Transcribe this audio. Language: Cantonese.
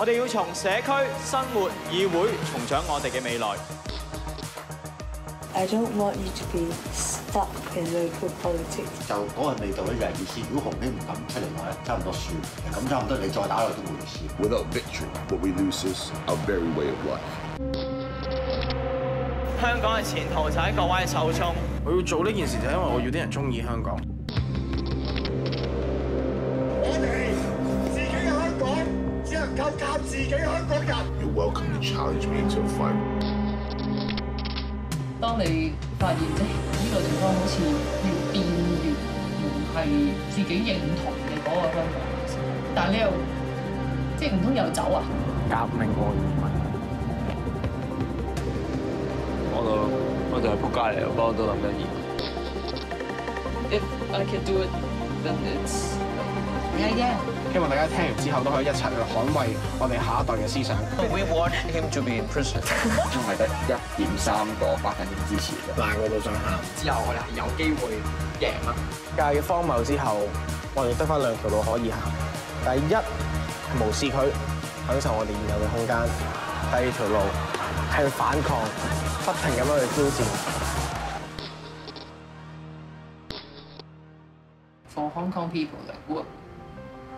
我哋要從社區生活議會，重掌我哋嘅未來。I don't want you to be stuck in local politics. 就嗰個味道咧，就係、是、意思，如果唔出嚟，咧差唔多輸，咁差唔多，你再打耐都冇意思。Without victory, what we lose is a very way of life. 香港嘅前途就喺各位手中。我要做呢件事，就係因為我要啲人中意香港。自己香港人。當你發現咧，呢個地方好似越變越唔係自己認同嘅嗰個香港，但係你又即係唔通又走啊？搞明我，我就我就係仆街嚟，不過都諗緊 Yeah, yeah. 希望大家聽完之後都可以一齊去捍衛我哋下一代嘅思想。We him to be 因為得一點三個百分點支持啫，但係我都想喊。之後我哋係有機會贏啦。介於荒謬之後我哋得翻兩條路可以行。第一，無視佢，享受我哋現有嘅空間。第二條路係反抗，不停咁樣去挑戰 For Hong Kong people work. Would...